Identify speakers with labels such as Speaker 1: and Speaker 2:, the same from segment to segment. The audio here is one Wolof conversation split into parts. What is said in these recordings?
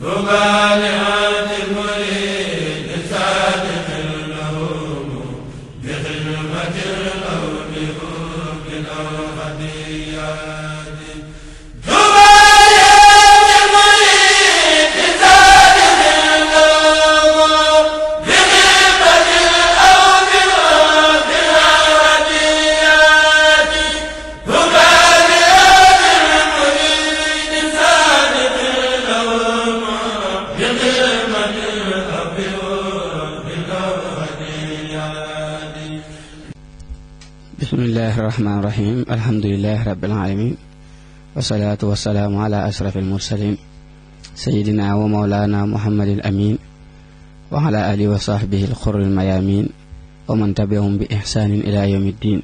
Speaker 1: Mubarak
Speaker 2: rahmaani rahiim alhamdulilahi rabbil wasalaatu wasalaamu ala ashraf almursalin sayidina wa maulana muhammadil amin wa ala wa sahbihi alxurril mayamin wa man bi ihsanin ila yawmi ddin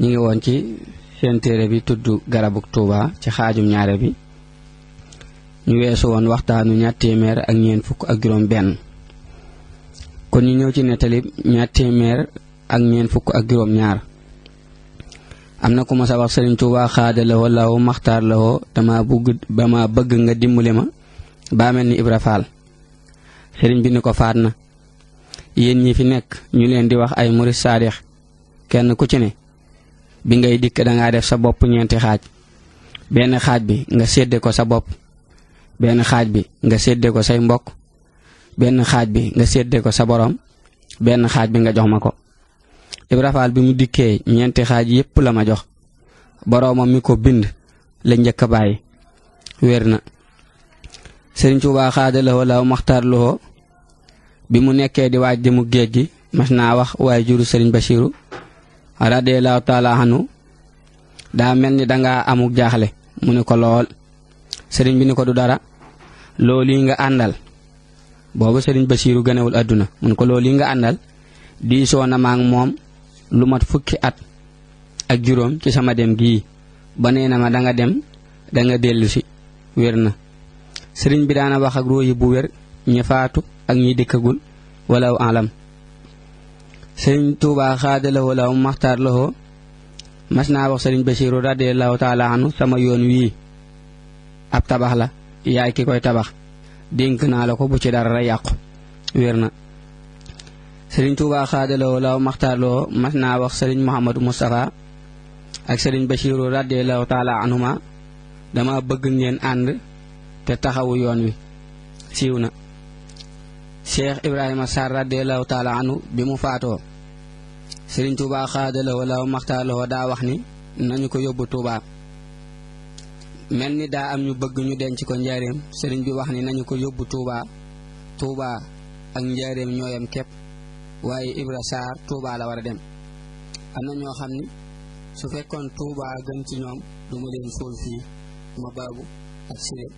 Speaker 2: ñu ngi woon ci seen téere bi tudd garabuk tuuba ci xaajum ñaare bi ñu weesu woon waxtaanu ñaar téeméer ak ñeent fukk ak juróom ñaar am na ku ma sa wax sëriñ Tuubaa xaada lawoo laaw maxtaar lawoo dama dama bëgg nga dimbale ma baa mel ni Ibra Faal sëriñ bi ni ko faat na yéen ñi fi nekk ñu leen di wax ay murit saadix kenn ku ci ne bi ngay dikk dangaa def sa bopp ñeenti xaaj benn xaaj bi nga sédde ko sa bopp benn xaaj bi nga sédde ko say mbokk benn xaaj bi nga sédde ko sa borom benn xaaj bi nga jox ma ko Ibra Faal bi mu dikkee ñeenti xaaj yépp la ma jox boroomam mi ko bind la njëkk a bàyyi wér na Sëriñ Tuubaa xaadalawoo law maxtaarlowoo bi mu nekkee di waaj demu géej gi mas naa wax waaye juru Sëriñ Basiiru radiyallaahu taalaa anhu daa mel ni danga amu jaaxle mu ni ko lool sëriñ bi ni ko du dara lool yi nga àndal boobu sëriñ Basiiru ganewul àdduna mu ni ko loolu yi nga àndal diisoo na maak moom lu mat fukki at ak juróom ci sama dem gii ba nee na ma danga dem danga dellu wér na sëriñ bi daana wax ak róoyi bu wér ñi faatu ak ñi dikkagul walaw alam sëriñ tuubaa xaadalawoo law maxtaar lawoo mas naa wax sëriñ basiiru radiallahu taala anu sama yoon wii ab tabax la yaay ki koy tabax dénk naa la ko bu ci dara yàqu wér na sëriñ Tuubaa xaadaloo law maxtaarloo mas naa wax sëriñ Mouhamadou Moustapha ak sëriñ Bachiru radiallahu taala ma dama bëgg ngeen ànd te taxawu yoon wi siiw na Cheikh Ibrahima Sarr radiallahu taala bi mu faatoo sëriñ Tuubaa xaadaloo law maxtaarloo daa wax ni nañu ko yóbbu Tuubaa mel ni daa am ñu bëgg ñu denc ko njaareem sëriñ bi wax ni nañu ko yóbbu Tuubaa Tuubaa ak njaareem ñooyam képp waaye Ibra Sarr Touba la war a dem am na ñoo xam ni su fekkoon Touba gën ci ñoom du leen fóol fii ma baabu ak séer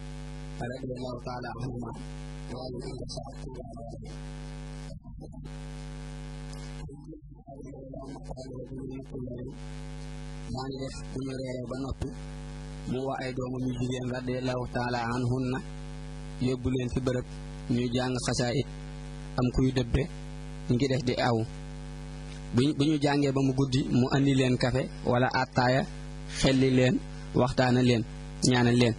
Speaker 1: radiyallahu taala anhuma waaye
Speaker 2: Ibra ba noppi mu wax ay doomam yu jigéen yóbbu leen fi bërëb ñuy jàng xasaa it am kuy dëbbe ñu ngi def di aw bu ñu jàngee ba mu guddi mu indi leen kafe wala attaaya xelli leen waxtaana leen ñaana leen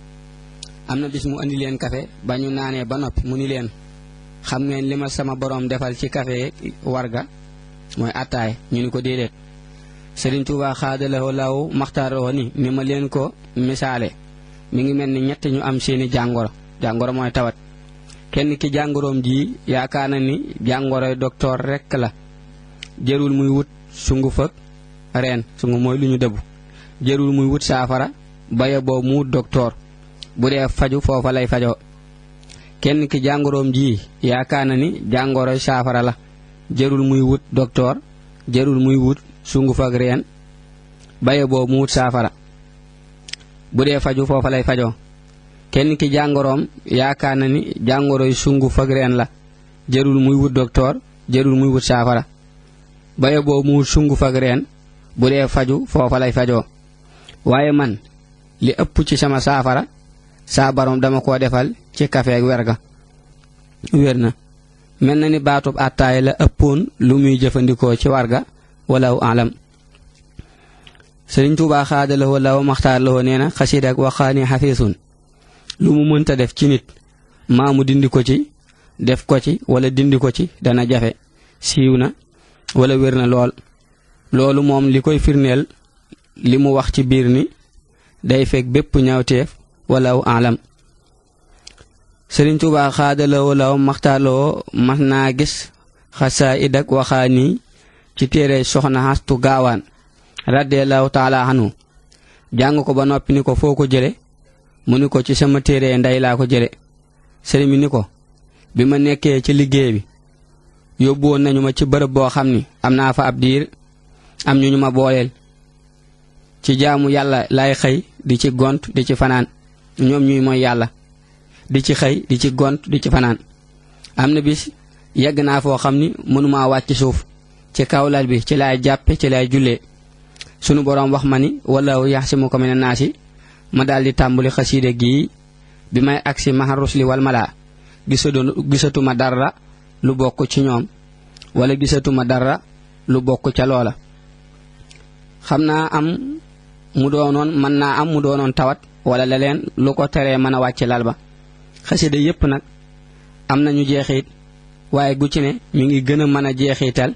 Speaker 2: am na bis mu andi leen kafe ba ñu naanee ba noppi mu ni leen xam ngeen li ma sama boroom defal ci kafe warga mooy attaaya ñu ni ko déedéet Sëriñ Tuubaa xaadalawoo law maxtaaroo ni ma leen ko misaale mu ngi mel ni ñett ñu am seeni jàngoro jàngoro mooy tawat kenn ki jàngoroom ji yaakaar na ni jàngoroy doktoor rekk la jërul muy wut sunguf ak reen sungu mooy lu ñu dëbb jërul muy wut saafara baya boobu mu wut doktoor bu dee faju foofa lay fajo kenn ki jàngoroom ji yaakaar na ni jàngoroy saafara la jërul muy wut doktoor jërul muy wut sunguf ak reen baya boobu mu wut saafara bu dee faju foofa lay fajo kenn ki jàngoroom yaakaar na ni jàngoroy sungu fag reen la jërul muy wut doktoor jërul muy wut saafara baye boo mu sungu fag reen bu dee faju foofa lay fajoo waaye man li ëpp ci sama saafara saa dama ko defal ci kafeeg wer ga wér na mel na ni baatub àttaay la ëppoon lu muy jëfandikoo ci warga walaw alam sëriñ Tuubaa xaada la woo law maxtaar la woo nee na xasiid ak waxaani xafiisun lu mu mënta def ci nit maamu dindi ko ci def ko ci walla dindi ko ci dana jafe siiw na wala wér na lool loolu moom li koy firndeel li mu wax ci biir ni day fekk bépp ñaawteef walaw alam Sëriñ Tuubaa xaadaloo law maxtaaloo mas naa gis xasaayid ak waxaani ci téere soxna xastu gaawaan radiyallaahu taala anhu jàng ko ba noppi ni ko foo ko jële mu ni ko ci sama ndey laa ko jële sëriñ bi ni ko bi ma nekkee ci liggéey bi yóbbuwoon nañu ma ci bërëb boo xam ni am naa fa ab diir am ñu ñu ma booleel ci jaamu yàlla laay xëy di ci gont di ci fanaan ñoom ñuy mooy yàlla di ci xëy di ci gont di ci fanaan am na bis yegg naa foo xam ni mënumaa wàcc suuf ci kawlal bi ci laay jàppe ci laay jullee sunu boroom wax ma ni wala yaxsimuka mina naasi ma daal di tàmbali xasiida gi bi may agsi maharus li wal malaa gisatu gisatuma dara lu bokk ci ñoom walla gisatuma dara lu bokk ca loola xam naa am mu doonoon mën naa am mu doonoon tawat wala leneen lu ko tere mën a wàcc lal ba xasida yépp nag am na ñu jeexit waaye gu ci ne mi ngi gën a mën a jeexital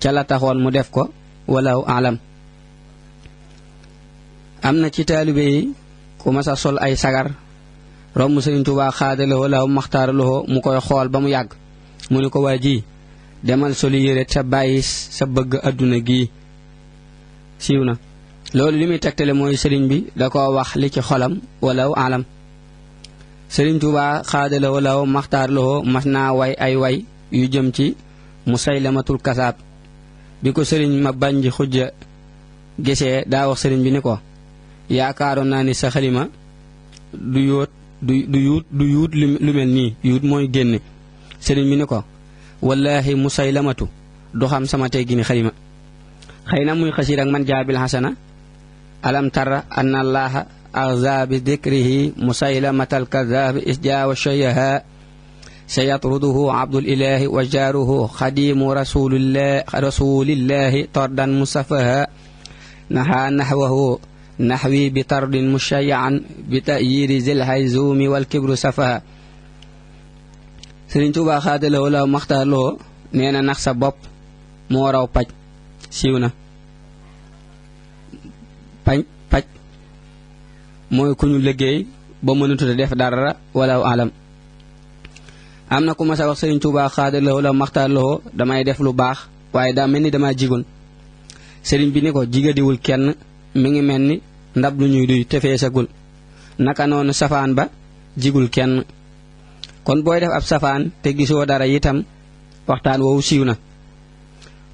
Speaker 2: ca la taxoon mu def ko wala alam am na ci taalibe yi ku mas sol ay sagar romb Sëriñ Tuubaa xaadalowoo law maxtaaralowoo mu koy xool ba mu yàgg mu ni ko waa ji demal soli yére sa bàyyi sa bëgg àdduna gi siiw na loolu li muy tegtale mooy sëriñ bi da koo wax li ci xolam walaw alam sëriñ Tuubaa xaadala walaw maxtaar loxo mas naa way ay way yu jëm ci mu Musaylamatul kasaab bi ko sëriñ ma bànji xujja gisee daa wax sëriñ bi ni ko yaakaaroon naa ni sa xalima du yuut du yuut lu mel nii yuut mooy génne sëriñ bi ni ko wallaahi musaylamatu du xam sama tey xalima xëy na muy xasiir ak man jaabil xasana alam tara anna allaha axza bi dikrihi musaylamata alkadaabi isjaawa shayaha sayatruduhu abdulilahi wa jaaruhu xadimu rasulillahi tardan musafaha naha nahwahu naxwi bi tardin mushayaan bi tayiri zilhay zuumi wal kibru safaha sëriñ Tuubaa xaadalawoo la maxtaaloo nee na nax sa bopp moo raw paj siiw na pañ paj mooy ku ñu liggéey ba mënatuta def dara wala alam am na ku ma sa wax sëriñ Tuubaa xaadalawoo la maxtaaloo damay def lu baax waaye daa mel ni dama jigoon sëriñ bi ni ko jigadiwul kenn mi ngi mel ni ndab lu ñuy duy te feesagul naka noonu safaan ba jigul kenn kon booy def ab safaan te gisoo dara itam waxtaan woowu siiw na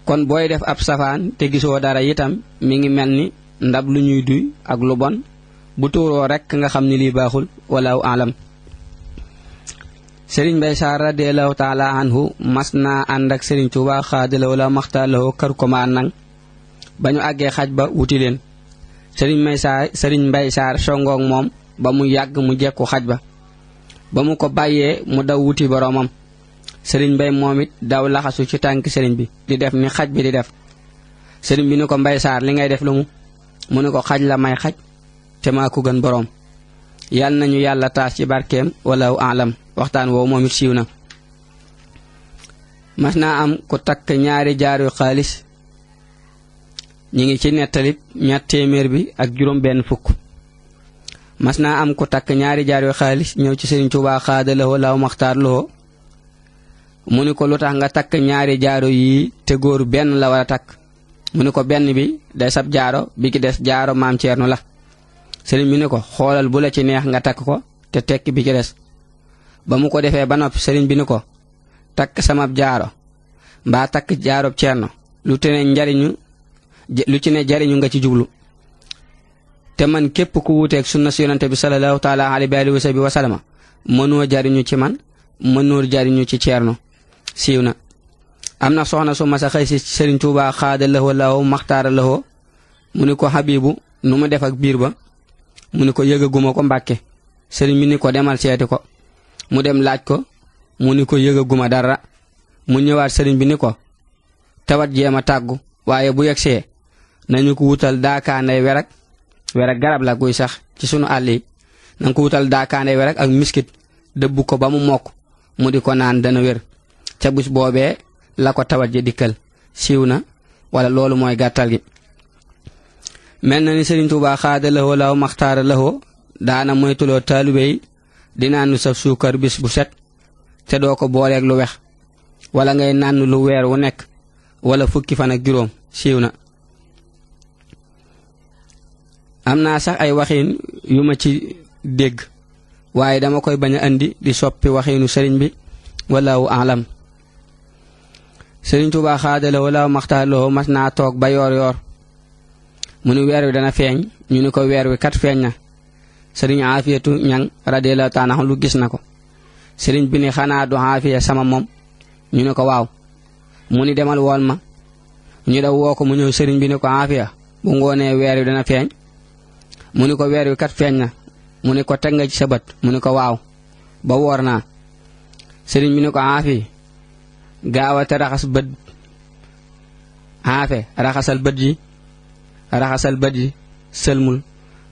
Speaker 2: kon booy def ab safaan te gisoo dara itam mi ngi mel ni ndab lu ñuy duy ak lu bon bu tuuroo rekk nga xam ni lii baaxul walla alam sëriñ Mbay Saar radiyallaahu taala anhu mas naa ànd ak sëriñ Tuubaa xaadalaw la maxtaalawoo kër komaan nang ba ñu àggee xaj ba wuti sëriñ may saar sëriñ mbay saar songoog moom ba mu yàgg mu jekku xaj ba ba mu ko bàyyee mu daw wuti boroomam sëriñ mbay moom it daw laxasu ci tànk sëriñ bi di def ni xaj bi di def sëriñ bi ni ko mbay saar li ngay def lu mu mu ne ko xaj la may xaj te maa ko gën boroom yàlla nañu yàlla taas ci barkeem wala alam waxtaan woowu moom it siiw na mas xaalis ñi ngi ci nettalib ñaar téeméer bi ak juróom benn fukk mas am ku takk ñaari jaaro yu xaalis ñëw ci Sëriñ Tuubaa xaada loxo law maxtaar loxo mu ni ko lu tax nga takk ñaari jaaro yi te góor benn la war a takk mu ni ko benn bi day sab jaaro bi ki des jaaro maam Ceerno la sëriñ bi ni ko xoolal bu la ci neex nga takk ko te tekki bi ci des ba mu ko defee ba noppi sëriñ bi ko takk samab jaaro mbaa takk jaaro Ceerno lu te ne njariñu lu ci ne jariñu nga ci jublu te man képp ku wuuteeg sunna si yonante bi salallaahu taala alayhi wa sahbihi wa sallama jariñu ci man mënoo jariñu ci ceerno siiw na am na soxna su masa xëy si sëriñ tuubaa xaada lahoo lahoo maxtaara lahoo mu ni ko xabibu nu mu def ak biir ba mu ni ko yëgaguma ko mbàkke sëriñ bi ni ko demal seeti ko mu dem laaj ko mu ni ko yëgaguma dara mu ñëwaat sëriñ bi ni ko tawat jéema tàggu waaye bu yegsee nañu ko wutal daakaanday werak werak garab la kuy sax ci sunu àll yi na ko wutal daakaanday werak ak miskit dëbbu ko ba mu mokk mu di ko naan dana wer ca bis boobee la ko tawat ji dikkal siiw na wala loolu mooy gàttal gi mel na ni Sëriñ Tuubaa xaada lahoo law maxtaara daana moytuloo taalibe yi di naanu suukar bis bu set te doo ko booleeg lu wex wala ngay naan lu weer wu nekk wala fukki fan ak juróom siiw na am naa sax ay waxiin yu ma ci dégg waaye dama koy bañ a indi di soppi waxiinu sëriñ bi walaawu alam sëriñ Tuubaa xaadala walaawu maxtaaloo mas naa toog ba yoor yoor mu ni weer wi dana feeñ ñu ni ko weer wi kat feeñ na sëriñ aafiyatu ñang radiyallaahu taala lu gis na ko sëriñ bi ni xanaa du aafiya sama moom ñu ne ko waaw mu ni demal woon ma ñu daw woo ko mu ñëw sëriñ bi ni ko aafiya bu ngoonee weer wi dana feeñ mu ni ko weer wi kat feeñ na mu ni ko teg nga ci sa bët mu ni ko waaw ba woor naa sëriñ bi ni ko aafi gaawa raxas bët aafe raxasal bët yi raxasal bët yi sëlmul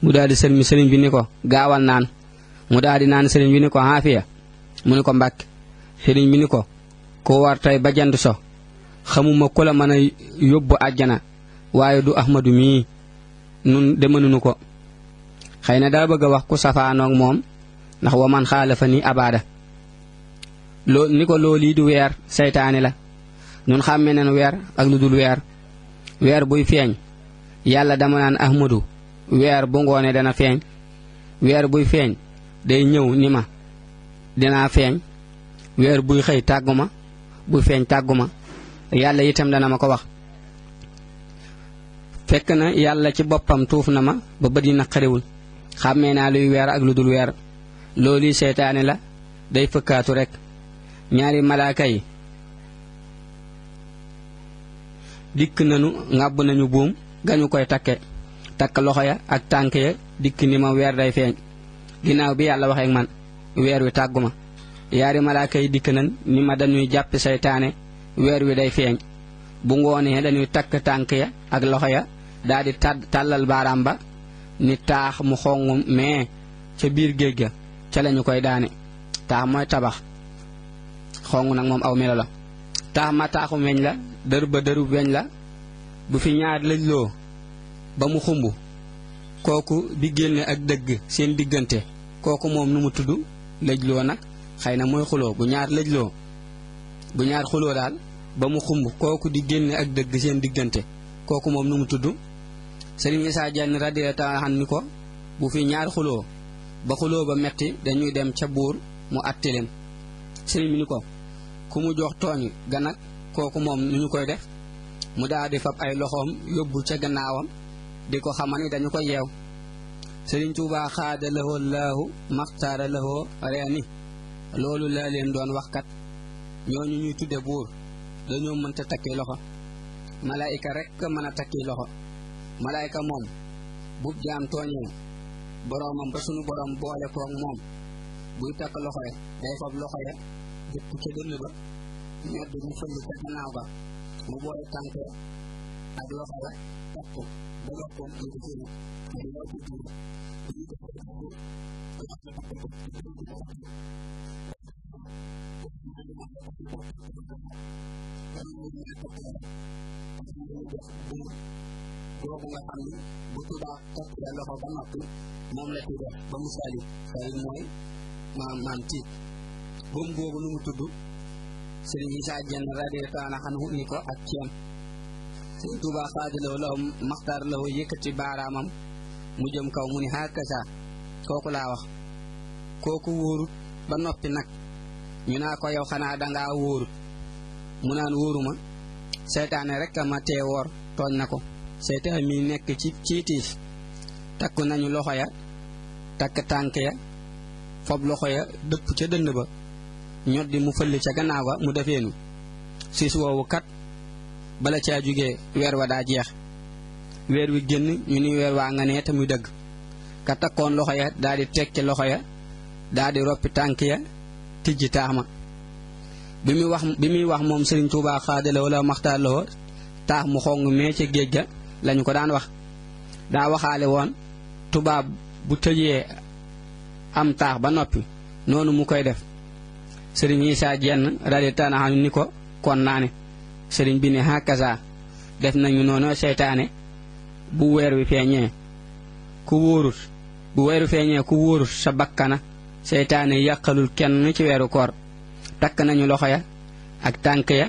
Speaker 2: mu daal di sëriñ bi ni ko gaawal naan mu daal di naan sëriñ bi ni ko aafiya mu ni ko mbàkk sëriñ bi ni ko ku war tey ba jant so xamuma ku mën a yóbbu àjjana waaye du ahmadu mii nun de ko xëy na daa bëgg a wax ku safaanook moom ndax wa man xaalafa ni abaada loo ni ko loolu yi weer seytaane la ñun xàmme nañ weer ak lu dul weer weer buy feeñ yàlla dama naan ahmadu weer bu ngoone dana feeñ weer buy feeñ day ñëw ni ma dinaa feeñ weer buy xëy tàggu ma buy feeñ tàggu ma yàlla itam dana ma ko wax fekk na yàlla ci boppam tuuf na ma ba bët yi naqariwul xàmmee naa luy weer ak lu dul weer loolu seytaane la day fëkkaatu rekk ñaari malaaka yi dikk nañu ŋàbb nañu buum gañu koy takke takk loxo ya ak tànk ya dikk ni ma weer day feeñ ginnaaw bi yàlla waxee man weer wi tàggu ma yaari malaaka yi dikk nañ ni ma dañuy jàppi seytaane weer wi day feeñ bu ngoonee dañuy takk tànk ya ak loxo ya daal di tàllal baaraam ba ni taax mu xonq mais ca biir géej ga ca lañu koy daane taax mooy tabax xonq nag moom aw melo la taax ma taaxu weñ la dër ba dërub weñ la bu fi ñaar lëj loo ba mu xumb kooku bi génne ak dëgg seen diggante kooku moom nu mu tudd lëjloo nag xëy na mooy xuloo bu ñaar lëjloo bu ñaar xuloo daal ba mu xumb kooku di génne ak dëgg seen diggante kooku moom nu mu tudd Sëriñ Isaa Jeen radiyallaahu taala an ni ko bu fi ñaar xuloo ba xuloo ba metti dañuy dem ca buur mu àtte leen sëriñ bi ni ko ku mu jox tooñ ganag kooku moom nu ñu koy def mu daal di fab ay loxoom yóbbu ca gannaawam di ko xamal ni dañu ko yeew Sëriñ Tuubaa xaada lahoo laahu maxtaara lahoo reeni loolu laa leen doon waxkat ñooñu ñuy tudde buur dañoo mënta takki loxo malaayika rekk mën a takki loxo malaayka moom bub jaam tooñee boroomam ba sunu boroom boole koog moom buy takk loxo ya day fab loxo ya jëpp ca dënn ba ñodd mu
Speaker 1: loxo ya boobu nga xam ne bu Tuubaa toppee loxo
Speaker 2: ba noppi moom la ci ba mu salit salit mooy maam maam tiit buum boobu nu mu tudd Sëriñ saa Jeen radiyallaahu anhu xan ni ko ak ceem Sëriñ Tuubaa xaadiloo lahum maxtaar lahu yëkkati baaraamam mu jëm kaw mu ni hàkkasa kooku laa wax kooku wóorut ba noppi nag ñu naa ko yow xanaa dangaa wóorut mu naan wóoruma seytaane rekk a ma tee tooñ na ko seytaan mi nekk ci ciitiif takk nañu loxo ya takk tànk ya fob loxo ya dëpp ca dënn ba ñoddi mu fëll ca gannaaw ga mu defeenu siis woowu kat bala caa jóge weer wa daa jeex weer wi génn ñu ni weer waa nga nee te muy dëgg ka takkoon loxo ya daa di teg ca loxo ya daldi di roppi tànk ya tijji ma bi muy wax bi muy wax moom Sëriñ Tuubaa xaadalawoo la maxtaarlawoo taax mu xonq mee ca géej ga lañu ko daan wax daa waxaale woon tubaab bu tëjee am taax ba noppi noonu mu koy def sëriñ Isaa Jenn radiyallaahu anhu ni ko kon naa ne sëriñ bi ne hakaza def nañu noonu seytaane bu weer wi feeñee ku wóorut bu weeru feeñee ku wóorut sa bakkana seytaane yàqalul kenn ci weeru koor takk nañu loxo ya ak tànk ya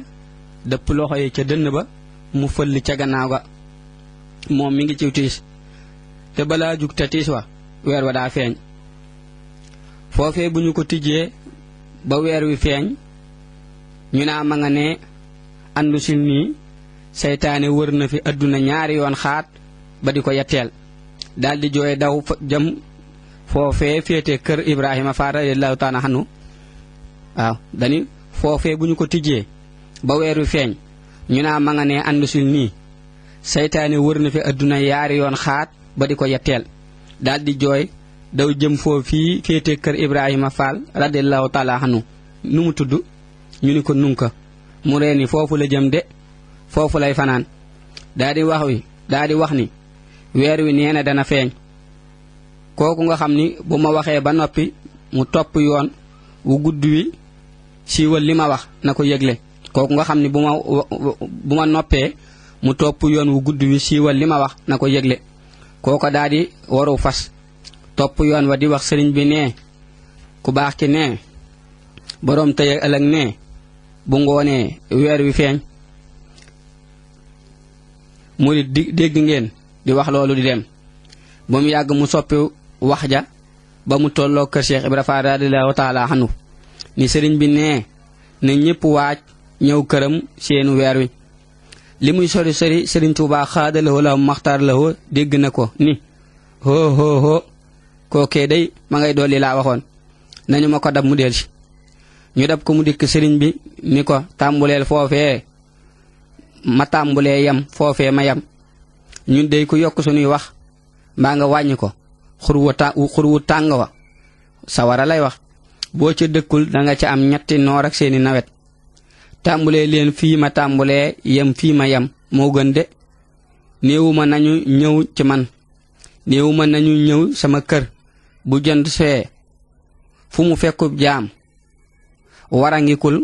Speaker 2: dëpp loxo yi ca dënn ba mu fëll ca gannaaw ga moom mi ngi ciw tiis te balaa jug te tiis wa weer wa daa feeñ foofee bu ñu ko tijjee ba weer wi feeñ ñu naa ma nga nii seytaane wër na fi àdduna ñaari yoon xaat ba di ko yetteel daldi jooy daw jëm foofee féete kër Ibrahima Faal radiyallaahu taala anhu waaw dani foofee bu ñu ko tijjee ba weer wi feeñ ñu naa ma nga nii seytaane wër na fi adduna yaari yoon xaat ba di ko yetteel daldi jooy daw jëm foofu fii féete kër Ibrahima Fall radiyallahu taala anhu nu mu tudd ñu ni ko nunka mu ree foofu la jëm de foofu lay fanaan daldi wax wi daldi wax ni weer wi nee na dana feeñ kooku nga xam ni bu ma waxee ba noppi mu topp yoon wu gudd wi siiwal li ma wax na ko yëgle kooku nga xam ni bu ma bu ma noppee mu topp yoon wu gudd wi siiwal li ma wax na ko yëgle kooko daa waru fas topp yoon wa di wax sëriñ bi nee ku baax ki nee boroom tey ak ëllëg nee bu ngoonee weer wi feeñ mu di dégg ngeen di wax loolu di dem ba mu yàgg mu soppi wax ja ba mu tolloo kër Cheikh Ibra Faal radiyallaahu taala anhu ni sëriñ bi nee na ñépp waaj ñëw këram seenu weer wi li muy sori sori Sëriñ Tuubaa xaada la wala maxtaar la dégg na ko ni hoo hoo hoo kookee day ma ngay dolli laa waxoon nañu ma ko dab mu del si ñu dab ko mu dikk sëriñ bi ni ko tàmbuleel foofee ma tàmbulee yam foofe ma yam ñun dey ku yokk suñuy wax mbaa nga wàññi ko xurwu ta xurwu tàng wa sawara lay wax boo ca dëkkul da nga ca am ñetti noor seeni nawet tàmbulee leen fii ma tàmbulee yam fii ma yem moo gën de néewuma nañu ñëw ci man néewuma nañu ñëw sama kër bu jënd see fu mu fekkub jaam warangikul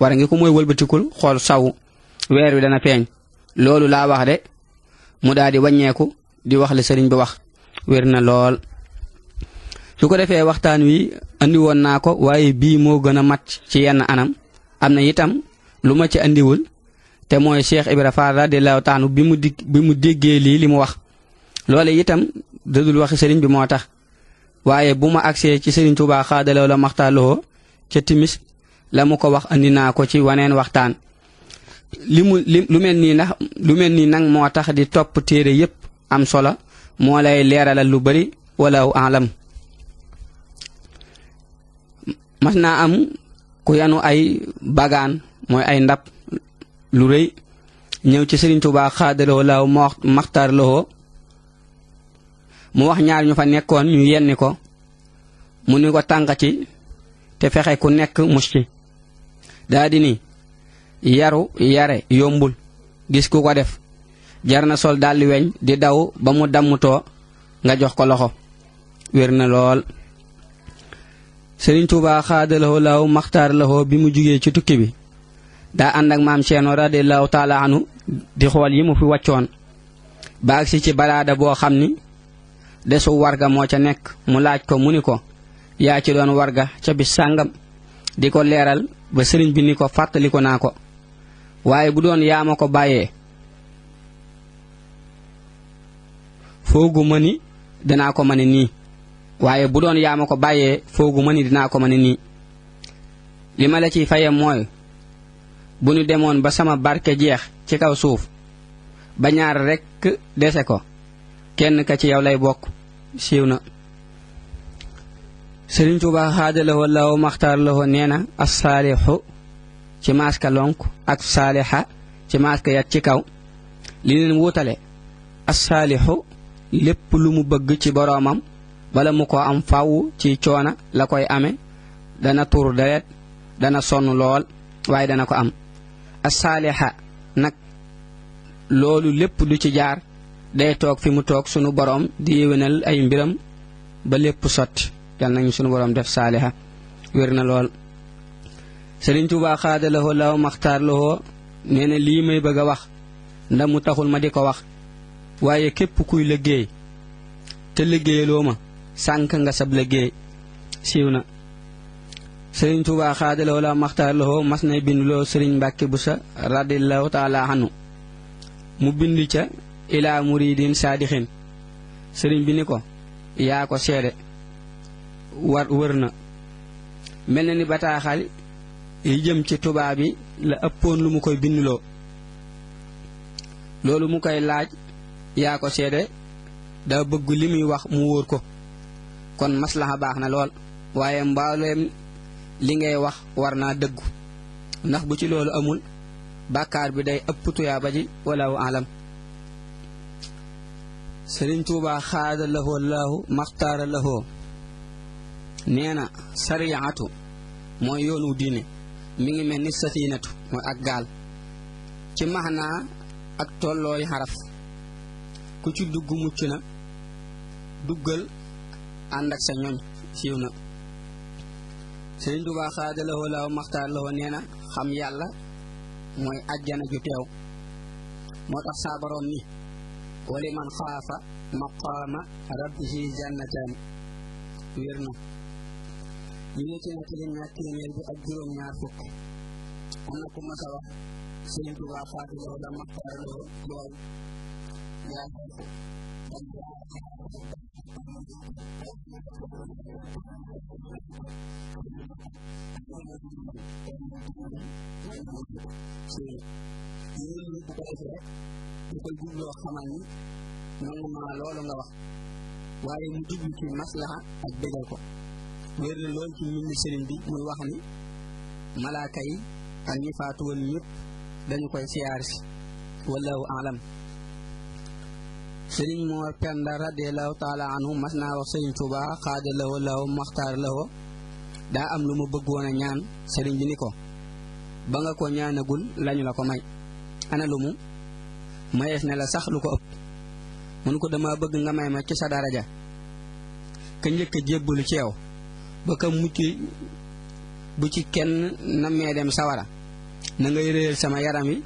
Speaker 2: warangiku mooy wëlbatikul xool saw weer wi dana feeñ loolu laa wax de mu daal di wàññeeku di wax li sëriñ bi wax wér na lool su ko defee waxtaan wi andi woon naa ko waaye bii moo gën a mat ci yenn anam am na itam lu ma ci indiwul te mooy Cheikh Ibra Fall radiyallahu taanu bi mu di bi mu déggee lii li mu wax loole itam dadul waxi sëriñ bi moo tax waaye bu ma agsee ci sëriñ Tuubaa xaadalaw la maxtaaloo ca timis la mu ko wax andi naa ko ci waneen waxtaan li lu mel nii ndax lu mel nii nag moo tax di topp téere yépp am solo moo lay leeralal lu bari wala alam mas naa am ku yanu ay bagaan mooy ay ndab lu rëy ñëw ci Sëriñ tubaax xaadaloo laaw maxtaar loo mu wax ñaar ñu fa nekkoon ñu yenni ko mu ni ko tànq ci te fexe ku nekk mus ci daa di ni yaru yare yombul gis ku ko def jar na sol daldi weñ di daw ba mu dammtoo nga jox ko loxo wér na lool Sëriñ Tuubaa xaadaloo laaw maxtaar loo bi mu jugee ci tukki bi daa ànd ak maam Ceerno radiyallahu taala anhu di xool yi mu fi wàccoon ba agsi ci baraada boo xam ni desu warga moo ca nekk mu laaj ko mu ni ko yaa ci doon warga ca bis sàngam di ko leeral ba sëriñ bi ni ko fàttaliku naa ko waaye bu doon yaa ko bàyyee foogu ma ni danaa ko mën nii waaye bu doon yaa ma ko bàyyee foogu ma ni dinaa ko mën nii li ma la ciy faye mooy bu ñu demoon ba sama barke jeex ci kaw suuf ba ñaar rekk dese ko kenn ka ci yow lay bokk siiw na Sëriñ Tuubaa xaadalawoo law nee na assaalixu ci maaska lonk ak saalixa ci maaska yat ci kaw li leen wuutale assaalixu lépp lu mu bëgg ci boroomam bala mu ko am faw ci coona la koy ame dana tuur deret dana sonn lool waaye dana ko am asaaliha nag loolu lépp du ci jaar day toog fi mu toog sunu boroom di yéwénal ay mbiram ba lépp sotti yal nañu sunu boroom def saaliha wér na lool Sëriñ Tuubaa xaada lahoo law maxtaar lahoo nee na lii may bëgg a wax ndax mu taxul ma di ko wax waaye képp kuy liggéey te liggéeyaloo ma sànk nga sab liggéey siiw na sëriñ Tuubaa xaadalawoo la maxtaar lawoo mas nay bind loo sëriñ Mbàkke Buso radiyallaahu taala anhu mu bind ca ilaa muridin saadixin sëriñ bi ni ko yaa ko seede war wër na mel na ni bataaxal yi jëm ci tubaab bi la ëppoon lu mu koy bindloo loolu mu koy laaj yaa ko seede daa bëgg li muy wax mu wóor ko kon maslaxa baax na lool waaye mbaaleen li ngay wax war naa dëggu ndax bu ci loolu amul bàkkaar bi day ëpp tuyaaba ji walaahu alam sëriñ tuubaa xaada lahoo laahu maxtaara lahoo nee na sariyaatu mooy yoonu diine mi ngi mel ni sa mooy ak gaal ci maxnaa ak tollooy xaraf ku ci dugg mucc na duggal ànd ak sa ñoñ siiw na Sëriñ Tuubaa xaada lahoo laaw maxtaar lahoo nee na xam yàlla mooy ajjana ju teew moo tax saa ni wali man xaafa maqaama rabbihi jannataani wér na ñu ne ci ñaar téeméer bi
Speaker 1: ak juróom-ñaar fukk a wax Sëriñ Tuubaa xaada lahoo laaw
Speaker 2: bu ko jubloo xamal ni nangu loolu nga wax waaye mu jublu ci maslaha ak bégal ko wér lool ci mbindu sëriñ bi muy wax ni malaaka yi ak ñi faatu dañu koy siyaar si wallahu alam sëriñ Moor Penda radiallahu taala anhu mas naa wax sëriñ Tuubaa xaada lawo lawo maxtaar lawo daa am lu ma bëggoon a ñaan sëriñ bi ni ko ba nga ko ñaanagul lañu la ko may ana lu mu mayees ne la sax lu ko ëpp mun ko dama bëgg nga may ma ci sa daraja ka njëkk a jébbalu ci yow ba ka mucc bu ci kenn nammee dem sawara na ngay réyal sama yaram wi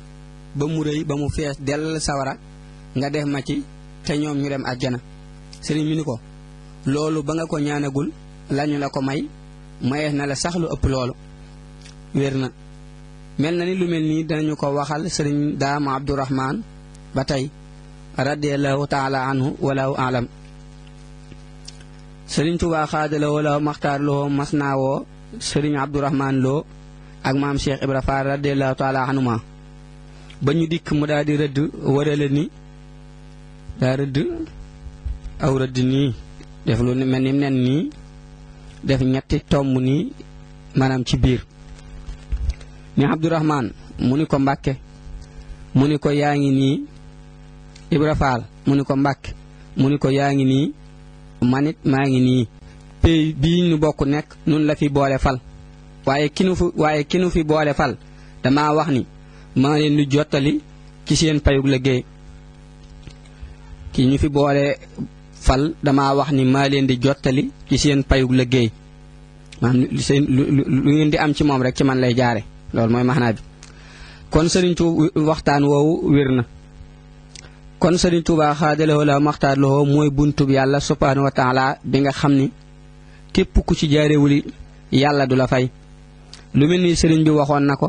Speaker 2: ba mu rëy ba mu fees dell sawara nga def ma ci te ñoom ñu dem àjjana sëriñ bi ni ko loolu ba nga ko ñaanagul lañu la ko may mayees na la sax lu ëpp loolu wér na mel na ni lu mel nii danañu ko waxal sëriñ daama abdourahman ba tey radiallahu taala anhu walaahu alam sëriñ tubaa xaadala maxtaar loo mas naa sëriñ abdourahman loo ak maam cheikh ibra faar radiallahu taala anhuma ba ñu dikk mu daal di rëdd warale ni daa rëdd aw rëdd nii def lu mel ni nen nii def ñetti tomb nii maanaam ci biir ni Abdourahman mu ni ko Mbàkke mu ni ko yaa ngi nii Ibra mu ni ko Mbàkke mu ni ko yaa ngi nii manit maa ngi nii pay bii ñu bokk nekk nun la fi boole fal waaye ki nu fi waaye ki nu fi boole fal dama wax ni maa leen lu jottali ci seen payug liggéey ki ñu fi boole fal damaa wax ni maa leen di jottali ci seen payug liggéey maanaam lu ngeen di am ci moom rek ci man lay jaare lool mooy maanaa bi kon Sëriñ Tuuba waxtaan woowu wér kon Sëriñ Tuuba xaadalewoo mooy buntu yàlla subhaanahu wa bi nga xam ni képp ku ci jaarewuli yàlla du la fay lu mel ni sëriñ bi waxoon na ko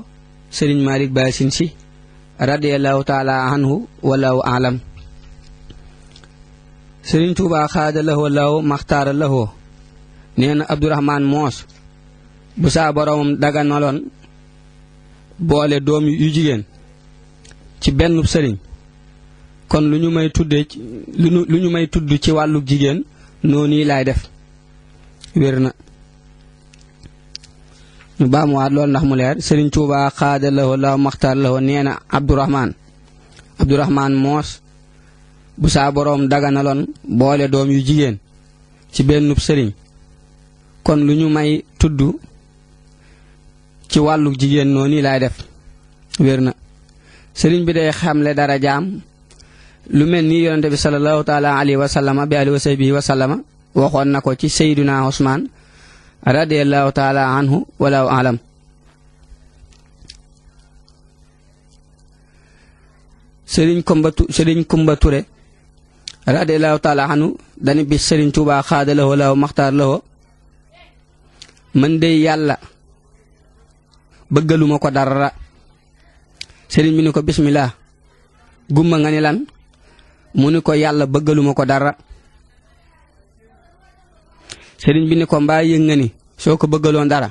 Speaker 2: sëriñ Malick Basin si radiallahu taala anhu wallahu alam sëriñ tuuba xaada law maxtaara lahoo nee na abdurahmaan moos bu saa boroomam daganaloon boole doom yu jigéen ci benn sëriñ kon lu ñu may ñu may tudd ci wàllu jigéen noonu laay def wér na ñu baamuwaat lool ndax mu leer sëriñ tuuba xaada law maxtaara lahoo nee na abdurahmaan moos bu saa na daganaloon boole doom yu jigéen ci benn sëriñ kon lu ñu may tudd ci wàllu jigéen noonu laay def wér sëriñ bi day xamle dara jaam lu mel ni yonente bi salallahu taala alayhi bi waxoon na ko ci sayduna osmaan radiallahu taala anhu walaw sëriñ kumba sëriñ kumba radiallahu taala anhu dani bis sëriñ tuubaa xaada la maxtaar la man dey yàlla bëggaluma ko dara sëriñ bi ni ko bismillah gumma nga ni lan mu ni ko yàlla bëggaluma ko dara sëriñ bi ni ko mbaa yëg nga ni soo ko bëggaloon dara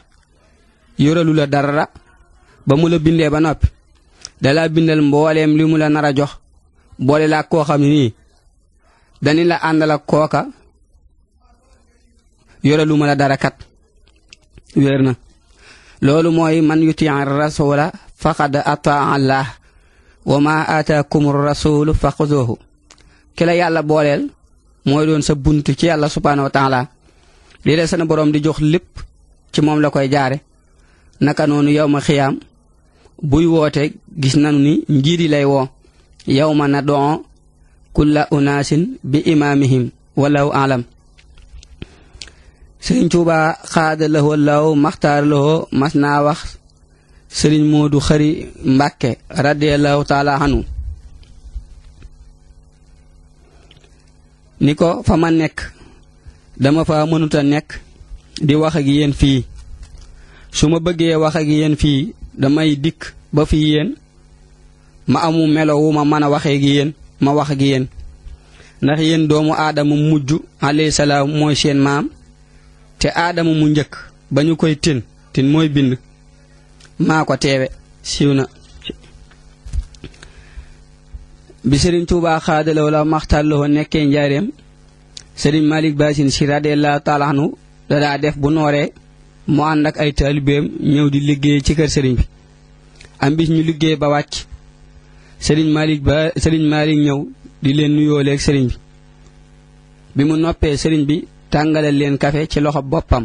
Speaker 2: yoralu la dara ba mu la bindee ba noppi dalaa bindal mbooleem li mu la nar a jox boole laa koo xam ne nii dani la àndal ak kooka yore lu ma la dara kat wér na loolu mooy man yuti rasula faqad ataa wa ma ataakum rasulu faxuzuhu ki la yàlla booleel mooy doon sa bunt ci yàlla subhaanahu wa taala la seen boroom di jox lépp ci moom la koy jaare naka noonu yow ma xiyaam buy woote gis nanu ni njiit yi lay woo yow na don kulla unaasin bi imaamihim walaw alam sëriñ Tuubaa xaada lahoo law maxtaar mas naa wax sëriñ du Xari Mbàkke radiallahu taala anhu ni ko fa ma nekk dama fa mënuta nekk di wax ak yéen fii su ma bëggee wax ak yéen fii damay dikk ba fi yéen ma amu melo ma mën a waxee ak ma wax ak yéen ndax yéen doomu aadama mujj alayhi salaam mooy seen maam te aadama mu njëkk ba ñu koy tin tin mooy bind maa ko teewe siiw na bi sëriñ tuubaa xaadalawo la maxtalloo nekkee njaareem sëriñ malik basin si radiallahu taala anhu dadaa def bu nooree mu ànd ak ay taalibeem ñëw di liggéey ci kër sëriñ bi am bis ñu liggéey ba wàcc sëriñ Malick ba sëriñ Malick ñëw di leen nuyoo leeg sëriñ bi bi mu noppee sëriñ bi tàngale leen kafe ci loxo boppam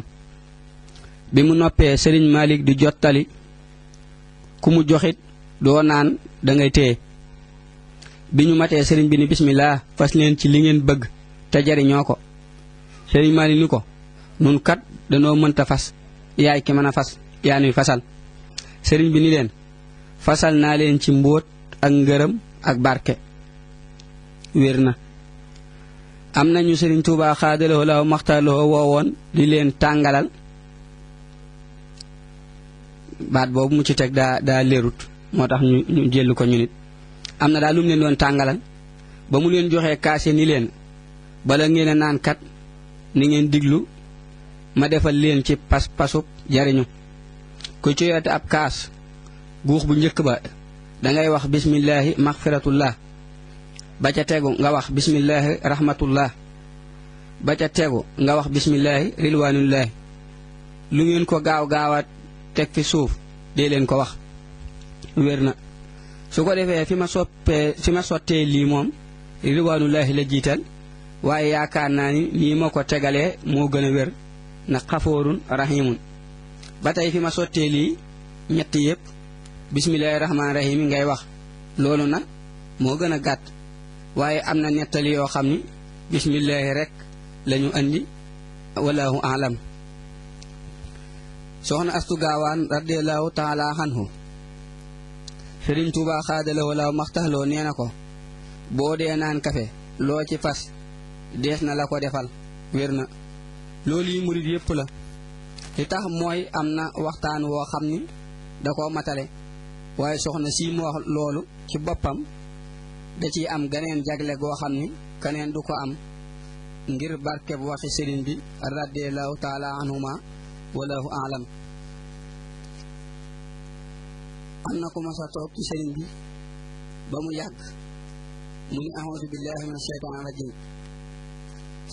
Speaker 2: bi mu noppee sëriñ Malick di jottali ku mu joxit doo naan dangay ngay bi ñu matee sëriñ bi ni bismillah fas leen ci li ngeen bëgg te jariñoo ko sëriñ Malick ni ko nun danoo mënta fas yaay ki mën fas yaa nuy fasal sëriñ bi ni leen fasal naa leen ci mbóot ak ngërëm ak barke wér na am nañu sëriñ tuubaa xaadaloo law woowoon di leen tàngalal baat boobu mu ci teg daa daa moo tax ñu ñu ko ñu nit am na daal lu mu leen doon tàngalal ba mu leen joxee kaase ni leen bala ngeen a naan ni ngeen diglu ma defal leen ci pas-pasub jariñu ku ci yote ab kaas guux bu njëkk ba dangay wax bismillaahi maxfiratullah ba ca tegu nga wax bismillaahi rahmatullah ba ca tegu nga wax bismillaahi rilwaanullaahi lu ngeen ko gaaw gaawaat teg fi suuf dee leen ko wax wér na su ko defee fi ma ma sottee lii moom rilwaanullaahi la jiital waaye yaakaar naa ni lii ma ko tegalee moo gën a wér na xafoorun rahimun ba fi ma sottee lii ñett yépp bismillaahi rahmaani rahiim ngay wax loolu nag moo gën a gàtt waaye am na nettali yoo xam ni bismillaahi rekk lañu andi walaahu alam soxna astu gaawaan radiallahu taala anhu sëriñ tuuba xaadala walaaw maxtaxloo nee na ko boo dee naan kafe loo ci fas dees na la ko defal wér na loolu yi murit yépp la li tax mooy am na waxtaan woo xam ni da ko matale waaye soxna si mu wax loolu ci boppam da ci am ganeen jagle goo xam ni keneen du ko am ngir barkeb waxi sëriñ bi radiallahu taala anhuma alam am na ku mas a toog ci sëriñ bi ba mu yàgg mu ni ahudu billahi min asheytaan rajim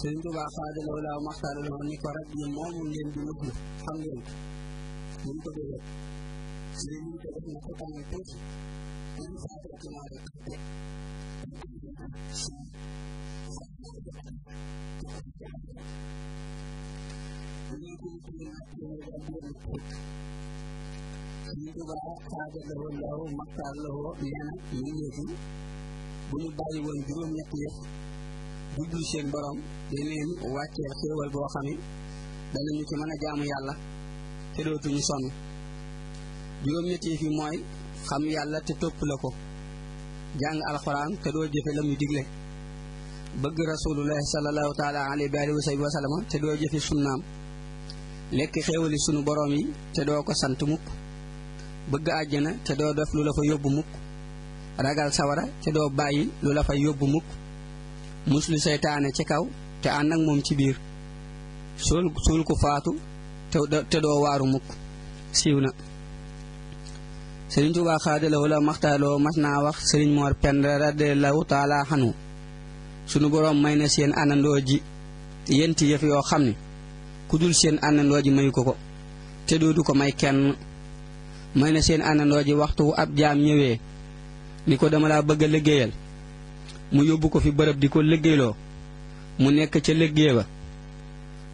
Speaker 2: sëriñ Tuubaa xaadalawu laaw maxtaaraloo ni ko rab yi moomu ngeen di nëbbu xam ngeen ko 지금 bu ñu bàyyi woon juróom-ñett yëpp jublu seen borom leneen wàccee xéewal boo xam ne danañu ci mën a jaamu yàlla te dootuñu sonn. juróom-ñett yi mooy xam yàlla te topp la ko jàng alxuraan te doo jëfe la muy digle bëgg rasulullahi sallallahu taala alayhi wa te doo jëfe sunnaam lekk xéewali sunu boroom yi te doo ko sant mukk bëgg na te doo def lu la fa yóbbu mukk ragal sawara te doo bàyyi lu la fa yóbbu mukk muslu seytaane ci kaw te ànd ak moom ci biir suul suul ku faatu te doo waaru mukk siiw na sëriñ Tuubaa xaadalawu la maxtaaloo mas naa wax sëriñ Moor Penda radiyallaahu taala xanu sunu boroom may na seen àndandoo ji yenti yëf yoo xam ne ku dul seen àndandoo ji mayu ko ko te doodu ko may kenn may na seen àndandoo ji waxtu wu ab jaam ñëwee ni ko dama laa bëgg a liggéeyal mu yóbbu ko fi bërëb di ko liggéeyloo mu nekk ca liggéey ba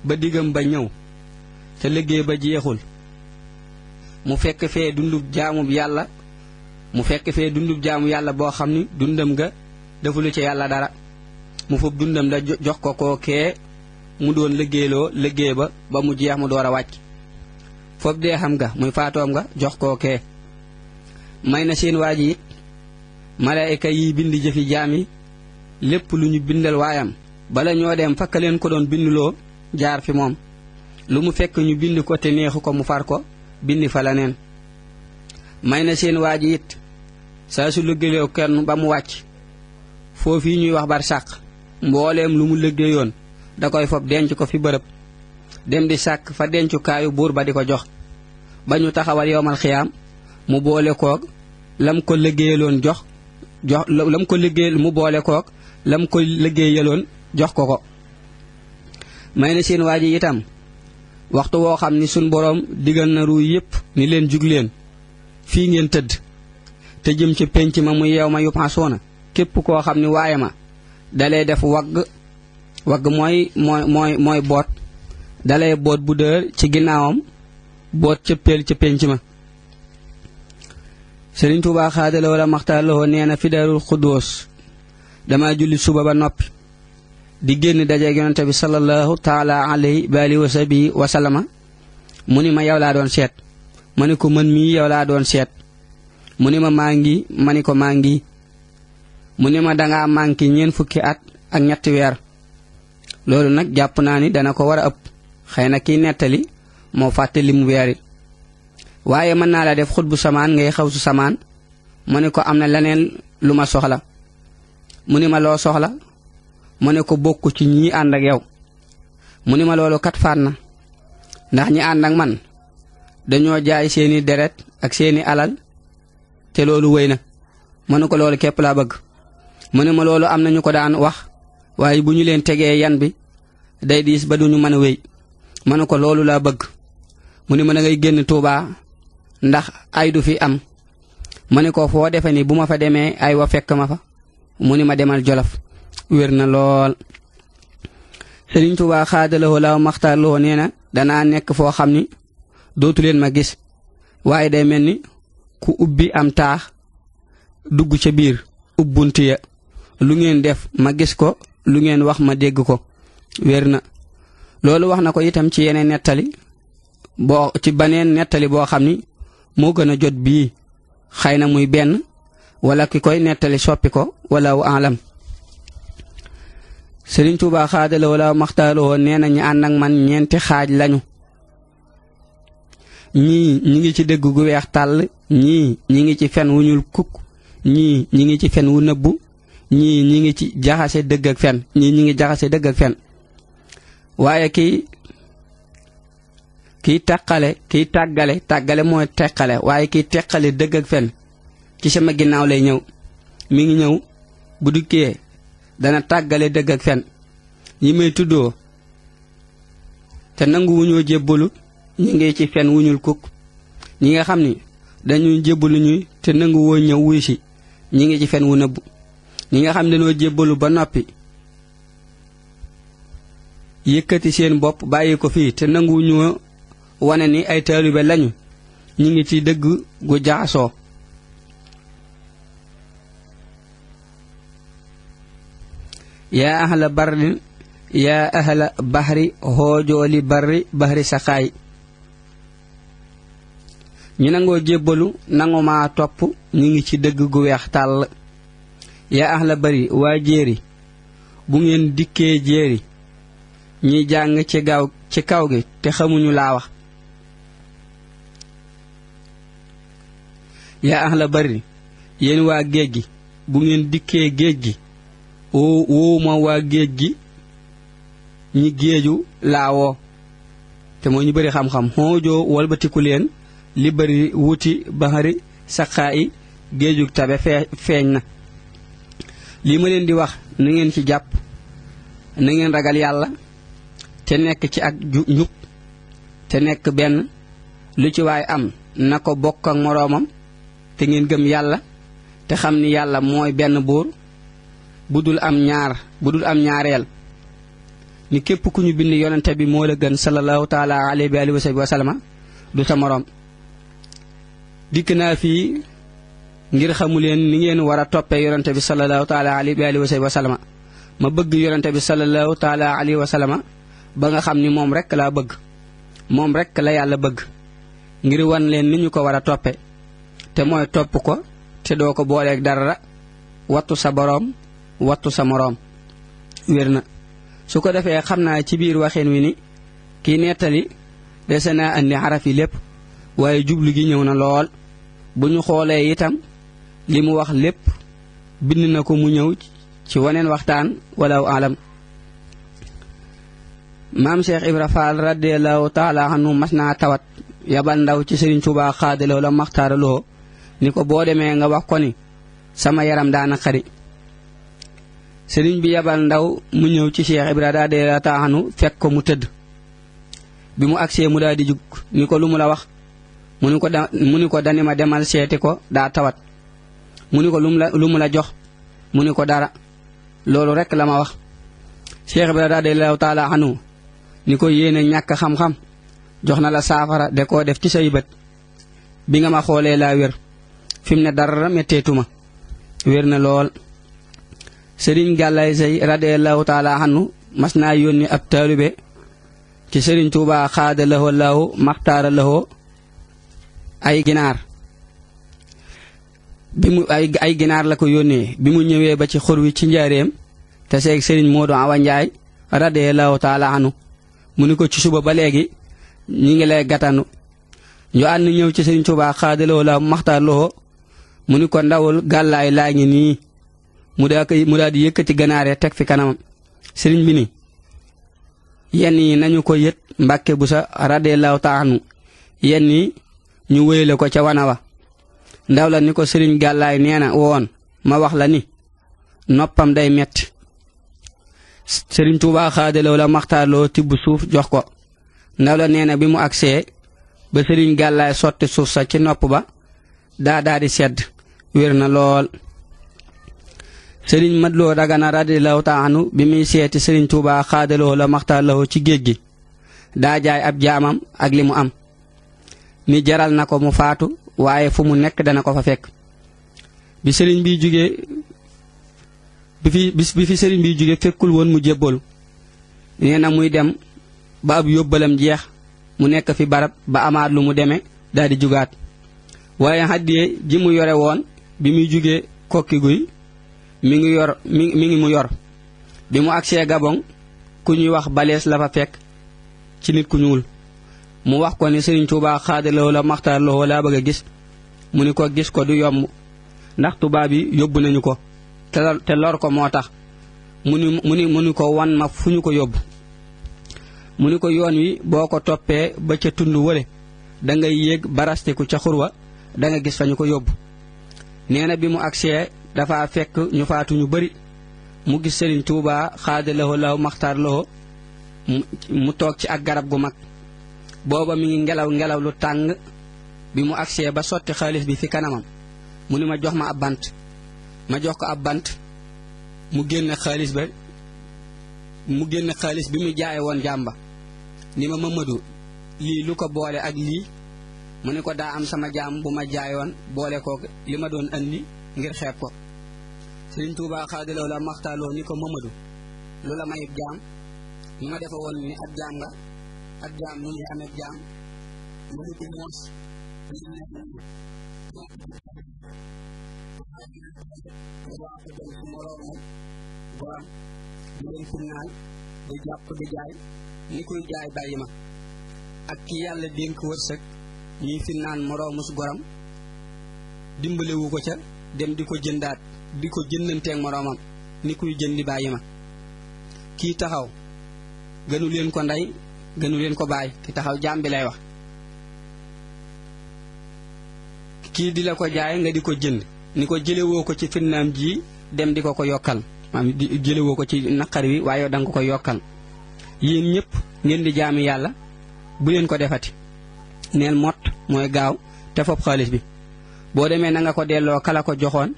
Speaker 2: ba diggam ba ñëw te liggéey ba jeexul mu fekk fee dundub jaamub yàlla mu fekk fee dundub jaamu yàlla boo xam ni dundam nga defulu ci yàlla dara mu fob dundam da jox ko kookee mu doon liggéeyloo liggéey ba ba mu jeex mu door a wàcc fob dee xam nga muy faatoom nga jox kooke may na seen waa ji it malaayika yi bind jëfi jaam yi lépp lu ñu bindal waayam bala ñoo dem fakk leen ko doon binduloo jaar fi moom lu mu fekk ñu bind ko te neexu ko mu far ko bindi fa la neen may na seen waa ji it saa su liggéeyoo kenn ba mu wàcc foofii ñuy wax bar sàq mbooleem lu mu liggéeyoon da koy fob denc ko fi bërëb dem di sàkk fa dencukaayu buur ba di ko jox ba ñu taxawal yowmal xiyaam mu boole koog lam ko liggéeyaloon jox jox lam ko liggéeyal mu boole koog lam ko liggéeyaloon jox ko ko may na seen waa ji itam waxtu woo xam ni suñ boroom digal na ruuy yépp ni leen jugleen fii ngeen tëdd te jëm ca pénc ma mu yeew ma na képp koo xam ni waaye ma dalay def wagg wagg mooy mooy mooy mooy boot dalay boot bu dëër ci ginnaawam boot cëppeel péel ca pénc ma Sëriñ Tuubaa xaadala wala maxtaar lowoo nee na fi darul xuddoos dama julli suba ba noppi di génn daje yonente bi sallallahu taala alayhi wa alihi wa mu ni ma yow laa doon seet ma ni ko mën mii laa doon seet mu ni ma maa ngi ma ni ko maa ngi mu ni ma danga manqué ñeent fukki at ak ñetti weer loolu nag jàpp naa ni dana ko war a ëpp xëy na kiy nettali moo fàtte li mu weeri waaye mën naa la def xutbu samaan ngay xaw su samaan mu ni ko am na leneen lu ma soxla mu ni ma loo soxla mu ne ko bokk ci ñi ànd yow mu ni ma loolu kat faat na ndax ñi ànd ak man dañoo jaay seeni deret ak seeni alal te loolu wéy na mu ne ko loolu képp laa bëgg mu ne ma loolu am nañu ko daan wax waaye bu ñu leen tegee yan bi day diis ba duñu mën a wéy mu ne ko loolu laa bëgg mu ne ma da ngay génn Tuubaa ndax ay du fi am mu ne ko foo defe ni bu ma fa demee ay wa fekk ma fa mu ni ma demal Jolof wér na lool Sëriñ Tuubaa xaadalawoo laaw maxtaar lawoo nee na danaa nekk foo xam ni dootuleen ma gis waaye day mel ni ku ubbi am taax dugg ca biir ubbunt ya lu ngeen def ma gis ko lu ngeen wax ma dégg ko wér na loolu wax na ko itam ci yeneen nettali boo ci baneen nettali boo xam ni moo gën a jot bii xëy na muy benn walla ki koy nettali soppi ko wala alam sëriñ Tuubaa xaadala wala maxtaaloo nee na ñi ànd ak man ñeenti xaaj lañu ñii ñi ngi ci dégg gu weex tàll ñii ñi ngi ci fen wu ñuul kukk ñii ñi ngi ci fen wu nëbbu ñii ñi ngi ci jaxase dëgg ak fen ñii ñi ngi jaxase dëgg ak waaye kii kiy teqale kiy tàggale tàggale mooy teqale waaye kiy teqale dëgg ak fen ci sama ginnaaw lay ñëw mi ngi ñëw bu dukkee dana tàggale dégg ak fen ñi may tuddoo te nanguwuñoo wuñoo jébbalu ñu ngi ci fen wuñul kuk ñi nga xam ni dañu jébbalu ñuy te nangu woo ñëw wuy si ñi ngi ci fen wu nëbbu ñi nga xam ne dañoo jébbalu ba noppi yëkkati seen bopp bàyyi ko fii te nangu ñoo wane ni ay taalibe lañu ñu ngi ci dëgg gu jaxasoo yaa ñu nangoo jébbalu nangu maa topp ñu ngi ci dëgg gu weex tàll yaa ahla bari waa jéeri bu ngeen dikkee jéeri ñiy jàng ci gaaw ci kaw gi te xamuñu laa wax yaa ahla ngeen dikkee géej gi woo woowuma waa géej gi ñi géeju laawoo te mooy ñu bari xam-xam xoojoo walbatiku leen li bari wuti baxari saqaa yi géejug tabe fee feeñ na lii ma leen di wax na ngeen ci jàpp na ngeen ragal yàlla te nekk ci ak njub te nekk benn lu ci waay am na ko bokk ak moroomam te ngeen gëm yàlla te xam ni yàlla mooy benn buur bu dul am ñaar bu dul am ñaareel ni képp ku ñu bind yonente bi moo gën sallallahu taala alayhi wa alihi wa sa moroom dikk naa fii ngir xamu leen ni ngeen war a toppee yonente bi sallallahu taala alayhi wa alihi ma bëgg yonente bi sallallahu taala alayhi ba nga xam ni moom rekk laa bëgg moom rek la yàlla bëgg ngir wan leen ni ñu ko war a toppe te mooy topp ko te doo ko booleeg dara wattu sa boroom wattu sa moroom wér na su ko defee xam naa ci biir waxin wi ni kii nettali dese naa andi xaraf yi lépp waaye jublu gi ñëw na lool bu ñu xoolee itam li mu wax lépp bind na ko mu ñëw ci waneen waxtaan walaw alam maam Cheikh Ibra Fall radiallahu taala mas naa tawat yabal ndaw ci Sëriñ Tuubaa xaadaloo la maxtaaraloo ni ko boo demee nga wax ko ni sama yaram daana xari sëriñ bi yabal ndaw mu ñëw ci Cheikh Ibra daa dee la taaxanu fekk ko mu tëdd bi mu agsee mu daal di jug ni ko lu mu la wax mu ni ko da mu ni ko dani ma demal seeti ko daa tawat mu ni ko lu mu la lu mu la jox mu ni ko dara loolu rekk la ma wax Cheikh Ibra daa dee la taaxanu ni ko yéene ñàkk xam-xam jox na la saafara de koo def ci say bët bi nga ma xoolee laa wér fi mu ne dara metteetu ma wér na lool sëriñ gàllaay say radiallahu taala anhu mas naa yónni ab taalibe ci sëriñ tuubaa xaada lahoo lahu maxtaara lahoo ay ginaar bi mu ay ginaar la ko yónnee bi mu ñëwee ba ci xur wi ci njaareem te seeg sëriñ moo awa njaay radiallahu taala anhu mu ni ko ci suba ba léegi ñi ngi lay gàttanu ñu ànd ñëw ci sëriñ tuubaa xaada lahoo lahu maxtaara lahoo mu ni ko ndawul gàllaay laa ngi nii mu daa koy mu daa di yëkkati ganaar ya teg fi kanam sëriñ bi ni yenn yi nañu ko yët mbàkke bu sa radiyallaahu taanu yenn yi ñu wéyale ko ca wana wa ndaw la ni ko sëriñ gàllaay nee na woon ma wax la ni noppam day metti sëriñ tuubaa xaadalaw la maxtaarloo tibb suuf jox ko ndaw la nee na bi mu agsee ba sëriñ gàllaay sotti suuf sa ci nopp ba daa sedd wér na lool sëriñ Madloo Dagana radiyallahu taala anhu bi muy seeti sëriñ Tuubaa xaadaloo la maxtaaloo ci géej gi daa jaay ab jaamam ak li mu am ni jaral na ko mu faatu waaye fu mu nekk dana ko fa fekk bi sëriñ biy jóge bi fi bi fi sëriñ biy jóge fekkul woon mu jébbalu nee na muy dem ba ab yóbbalam jeex mu nekk fi barab ba amaat lu mu demee daal jugaat waaye xaddiyee ji mu yore woon bi muy jóge kokki guy mi ngi yor mi mi ngi mu yor bi mu agsee Gabon ku ñuy wax balees la fa fekk ci nit ku ñuul mu wax ko ni Sëriñ Tuubaa xaadaloo la maxtaar loo laa bëgg a gis mu ni ko gis ko du yomb ndax tubaab yi yóbbu nañu ko te lor ko moo tax mu ni mu ni ko wan ma fu ñu ko yóbbu mu ni ko yoon wi boo ko toppee ba ca tund wële da ngay yéeg barastiku ca xurwa danga gis fa ñu ko yóbbu nee bi mu agsee dafa fekk ñu faatu ñu bari mu gis Serigne Touba xaada loxo law maxtaar loxo mu toog ci ak garab gu mag booba mi ngi ngelaw ngelaw lu tàng bi mu agsee ba sotti xaalis bi fi kanamam mu ni ma jox ma ab bant ma jox ko ab bant mu génn xaalis mu génn xaalis bi mu jaay woon jàmba ni ma Mamadou lii lu ko boole ak lii mu ne ko daa am sama jaam bu ma jaayoon boole ko li ma doon andi ngir xeeb ko sëriñ Tuubaa xaadaloo ko Mamadu defe woon ni ab
Speaker 1: jaam nga ab jaam
Speaker 2: goram di naan moroomus goram dimbalewu ko ca dem di ko jëndaat di ko jëndanteeg moroomam ni kuy jëndi bàyyi ma kii taxaw gënu leen ko ndey gënu leen ko bàyyi ki taxaw jaam bi lay wax kii di la ko jaay nga di ko jënd ni ko jëlewoo ko ci fitnaam ji dem di ko ko yokkal jëlewoo ko ci naqar wi waaye danga ko yokkal yéen ñépp ngeen di jaami yàlla bu leen ko defati neel mott mooy gaaw te fopp xaalis bi boo demee na nga ko delloo kala ko joxoon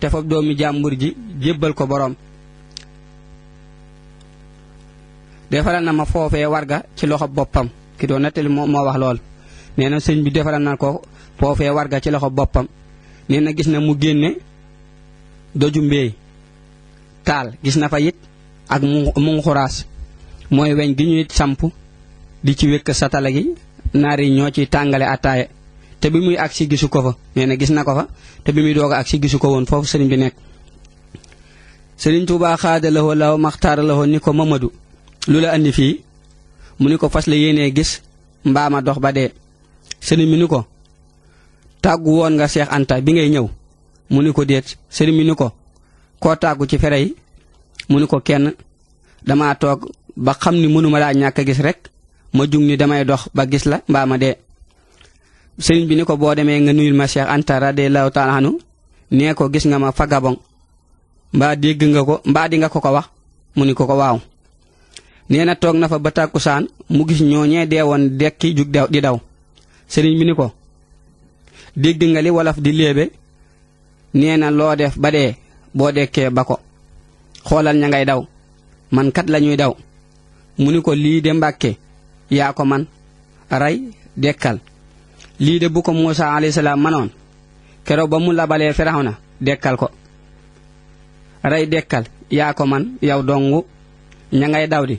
Speaker 2: te fab doomi jàmbur ji jébbal ko boroom defaral na ma foofee warga ci loxo boppam ki doon nettali moo moo wax lool nee na sëñ bi defaral na ko foofee warga ci loxo boppam nee na gis na mu génne doju mbéy taal gis na fa it ak mu mu xuraas mooy weñ gi ñuy samp di ci wékk satala gi naar yi ñoo ciy tàngale ataaya te bi muy agsi gisu ko fa nee na gis na ko fa te bi muy doog a agsi gisu ko woon foofu sëriñ bi nekk sëriñ Tuubaa xaada la woon law maxtaara la ni ko Mamadou lu la andi fii mu ni ko fas la yéenee gis mbaama dox ba dee sëriñ mi ni ko tàggu woon nga Seex Anta bi ngay ñëw mu ni ko déet sëriñ mi ni ko koo tàggu ci fere yi mu ni ko kenn dama toog ba xam ni mënuma laa ñàkk a gis rek ma jug ni damay dox ba gis la mbaama dee sëriñ bi ni ko boo demee nga nuyul ma Cheikh Anta radiyallahu taala nee ko gis nga ma fagabon Gabon mbaa dégg nga ko mbaa di nga ko ko wax mu ni ko ko waaw nee na toog na fa ba tàkkusaan mu gis ñooñee deewoon dekki jug di daw sëriñ bi ni ko dégg nga li wolof di léebe nee na loo def ba dee boo dekkee ba ko xoolal ña ngay daw man kat la ñuy daw mu ni ko lii de mbàkke yaa ko man rey dekkal lii de bu ko Muusa alayhi salaam manoon kero ba mu labalee Firawna dekkal ko rey dekkal yaa ko man yow dong ña ngay daw di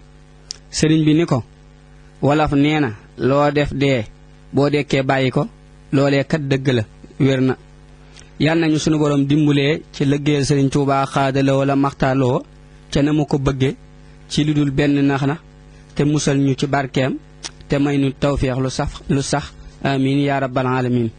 Speaker 2: sëriñ bi ni ko wolof nee na loo def dee boo dekkee bàyyi ko loolee kat dëgg la wér na yal nañu sunu borom dimbulee ci liggéeyal sëriñ Tuubaa xaadaloo la maxtaaloo ca na mu ko bëgge ci lu dul benn nax na te musal ñu ci barkeem te may nu tawféex lu sax lu sax amiin yaa rabbal aalamiin